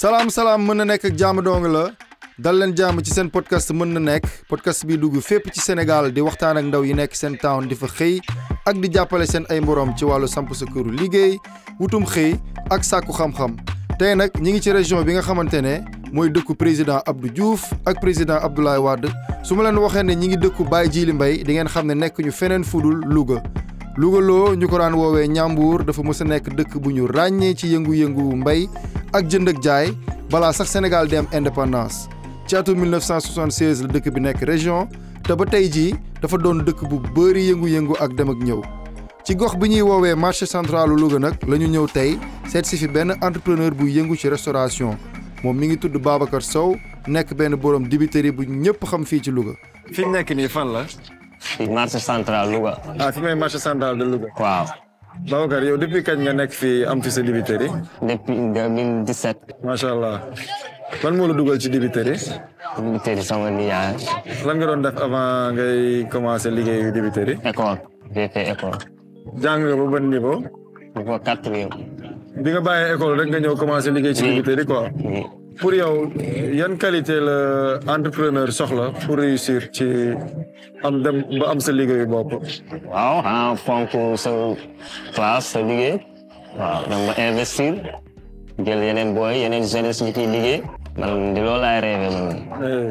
salaam salaam mën na nekk ak jaamu dong la dal leen jaamu ci seen podcast mën na nekk podcast biy dugg fépp ci Sénégal di waxtaan ak ndaw yi nekk seen town di fa xëy ak di jàppale seen ay mboroom ci wàllu samp sa këru liggéey wutum xëy ak sàkku xam-xam tey nag ñi ngi ci région bi nga xamante ne. mooy dëkku président Abdou juuf ak président Abdoulaye Wade su ma leen waxee ne ñi ngi dëkku Baye jiili Mbaye di ngeen xam ne nekk ñu feneen fudul Louga loo ñu ko raan woowee Ñàmbuur dafa mës a nekk dëkk bu ñu ràññee ci yëngu-yëngu mbay ak jënd ak jaay balaa sax Sénégal di am indépendance ci atum 1976 la dëkk bi nekk région te ba tey jii dafa doon dëkk bu bëri yëngu-yëngu ak dem ak ñëw ci gox bi ñuy woowee marché central Louga nag la ñu ñëw tey seet fi benn entrepreneur bu yëngu ci restauration moom mi ngi tudd Babacar Sow nekk benn borom dibiteri bu ñëpp xam fii ci Louga. fi ñu nekk nii fan la. marché central Louga. a ah, fi may marché central de Louga. waaw. Babacar yow depuis kañ nga nekk fii am fi sa dibiteri. depuis 2017. macha allah lan moo la dugal ci dibiteri. dibiteri sama nijaay. nga doon def avant ngay commencer liggéeyu dibiteri. école BP école. jàng nga ba ban niveau. niveau quatrième. bi nga bàyyee école rek nga ñëw commencer liggéey ci dibiteri quoi. pour yow yan qualité la entrepreneur soxla pour réussir ci am dem ba am sa liggéeyu bopp. waaw xanaa ah, fonk sa classe sa liggéey. waaw dem ba investir jël yeneen booy yeneen jeunesse ñi ciy liggéey. man di loolu laay rêvé man. Eh,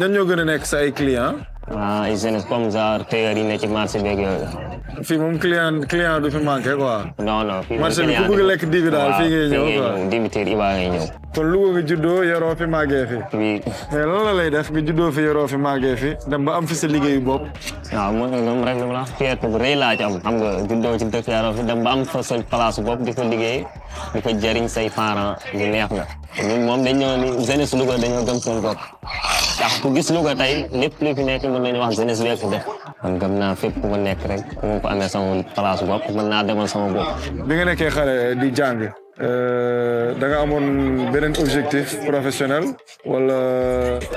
ñan ñoo gën a nekk sa ay clients. ah hygiène comme genre téyeer yi ne ci marché beeg yooyu. fii moom client client du fi manqué quoi. non marché bi ku lekk dibi daal fii ngay ñëw quoi débiteur yi baa kon Louga nga juddoo yoroo fi màggee fi. oui. mais lan la lay fi yoroo fi màggee fi am fi sa liggéeyu bopp. waaw moom rek dama la fierté bu rëy laa ci am. xam nga juddoo ci fi dem ba sa place bopp di ko liggéey di ko jëriñ say parents lu neex moom dañ ni jeunesse Louga dañoo gëm bopp. ndax ku gis Louga tey lépp li fi nekk mën nañu wax jeunesse bee fi def man gëm naa fépp ku ma nekk rek mu ko amee sama place bopp mën naa demal sama bopp. bi nga nekkee xale di jàng Euh, da nga amoon beneen objectif professionnel wala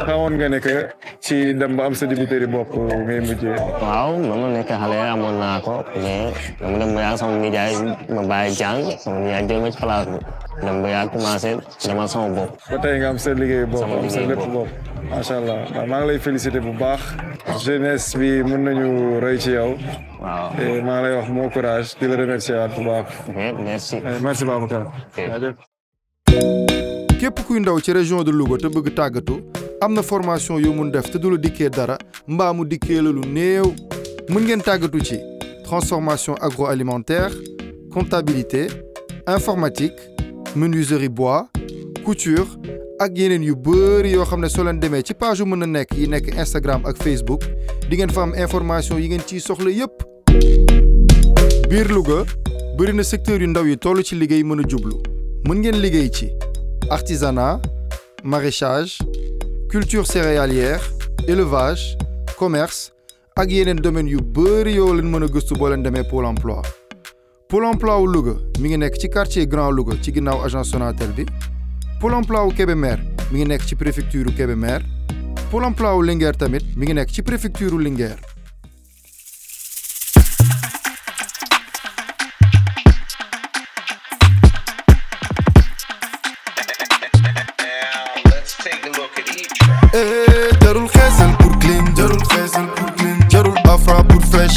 xawoon nga ne que ci dem ba am sa dibiteri bopp ngay mujjee. waaw ba ma nekk xale amoon naa ko mais dama dem ba yàgg sama nijaay ma bàyyi jàng sama nijaay jël ma ci place bi dem ba yàgg commencé dama sama bopp. ba tey nga am sa liggéey bopp am sa lépp bopp. macha allah maa ngi lay féliciter bu baax jeunesse bi mën nañu roy ci yow. waaw maa lay moo courage di képp kuy ndaw ci région de Louga te bëgg tàggatu am na formation yu mun def te du la dikkee dara mbaamu mu dikkee la néew mën ngeen tàggatu ci transformation agroalimentaire comptabilité informatique menuiserie bois couture ak yeneen yu bëri yoo xam ne soo demee ci page yu mën na nekk yi nekk Instagram ak Facebook di ngeen fa am yi ngeen ciy soxla yépp biir Louga bëri na secteur yu ndaw yi toll ci liggéey mën a jublu mën ngeen liggéey ci artisana maraîchage culture céréalière élevage commerce ak yeneen domaines yu bëri yoo leen mën a gëstu boo leen demee pôle emploi pôle emploi wu Louga mi ngi nekk ci quartier Grand Louga ci ginnaaw agence Sonatel bi pôle emploi wu Kébémer mi ngi nekk ci préfecture u Kébémer pôle emploi wu Linguère tamit mi ngi nekk ci préfecture u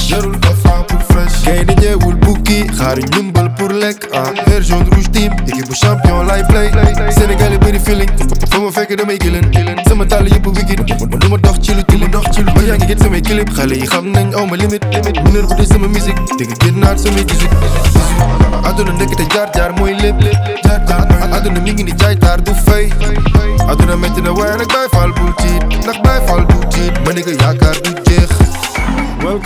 jarul dafa pour fresh gaynde ñëwul bukki xaari ñumbal pour lekk ah vert jaune rouge team équipe bu champion lay play Sénégal yi bëri feeling fa ma fekk damay gëlën sama tàll yëpp wigin man du ma dox ci lu tilim dox ci lu ma yaa ngi gën samay clip xale yi xam nañ aw ma limite limite mineur bu dee sama musique dégg génnaat samay gisit àdduna nekk te jaar jaar mooy lépp jaar jaar àdduna mi ngi ni jaay taar du fay àdduna métti na waaye nag bàyyi faal bul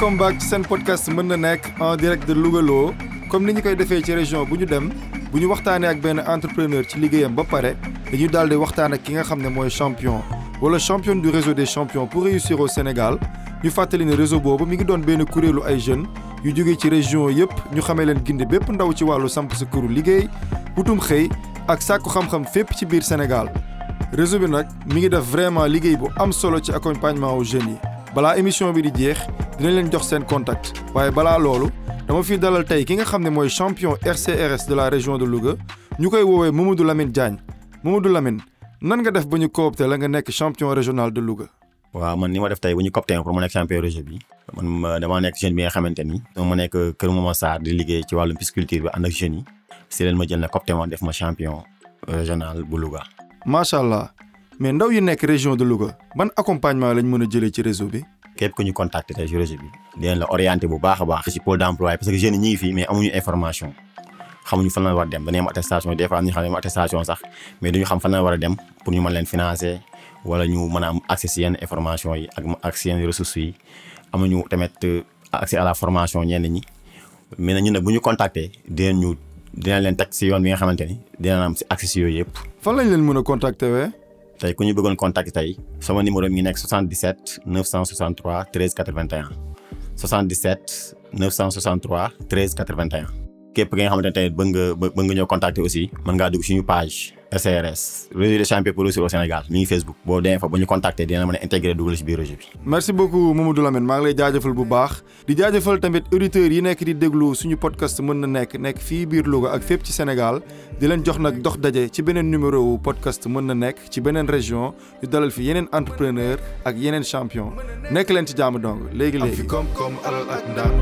welcome back ci seen podcast mën na nekk en direct de Louga comme ni ñu koy defee ci région bu ñu dem bu ñu waxtaanee ak benn entrepreneur ci liggéeyam ba pare dañuy daal di waxtaan ak ki nga xam ne mooy champion wala championne du réseau de champions pour réussiro au Sénégal ñu fàttali ne réseau boobu mi ngi doon benn kuréelu ay jeunes yu jóge ci région yépp ñu xamee leen gindi bépp ndaw ci wàllu samp sa këru liggéey wutum xëy ak sàkku xam-xam fépp ci biir Sénégal réseau bi nag mi ngi def vraiment liggéey bu am solo ci accompagnement jeunes yi balaa émission bi di jeex dinañ leen jox seen contact waaye balaa loolu dama fi dalal tey ki nga xam ne mooy champion RCRS de la région de Louga ñu koy woowee Mamadou Lamine Diagne Mamadou Lamine nan nga def ba ñu coopté la nga nekk champion régional de Louga. waaw man ni ma def tey ba ñu coopté pour ma nekk champion région bi man euh, damaa nekk jeune bi nga xamante ni. ma nekk Kër Momar Sarr di liggéey ci wàllum pisciculture bi ànd ak jeunes yi si leen ma jël na coopté ma def ma champion régional bu Louga. macha allah mais ndaw yi nekk région de Louga ban accompagnement lañ mën a jëlee ci réseau bi. képp ku ñu contacter tey si réseau bi dinañ la orienté bu baax a baax si pôle d'emploi parce que jeunes yi ñu mais amuñu information xamuñu fan war a dem dañuy am attestation des fois am ñu xam ne war a dem pour ñu mën leen financer wala ñu mën a am information yi ak ak si yenn ressources yi amuñu tamit euh, accès à la formation ñenn ñi mais nag ñun nag bu ñu contacter dinañ ñu dinañ leen teg si yoon bi nga xamante ni dinañ am si accès si yooyu yëpp. fan leen mën a contacter wee. tey ku ñu bëggoon contact tey sama numéro mi ngi nekk 77 963 13 81 77 963 13 81. képp ki nga xamante ne tey bëgg nga bëgg nga ñoo contacter aussi mën ngaa dugg suñu page. SRS réseau des champions pour réussir au Sénégal mi ngi Facebook boo demee fa ba ñu contacter dina mën a intégrer dugal ci biir réseau bi. merci beaucoup Mamadou Lamine maa ngi lay jaajëfal bu baax di jaajëfal tamit auditeurs yi nekk di déglu suñu podcast mën na nekk nekk fii biir Louga ak fépp ci Sénégal di leen jox nag dox daje ci beneen numéro wu podcast mën na nekk ci beneen région ñu dalal fi yeneen entrepreneur ak yeneen champion nekk leen ci jaamu dong léegi léegi. koom-koom alal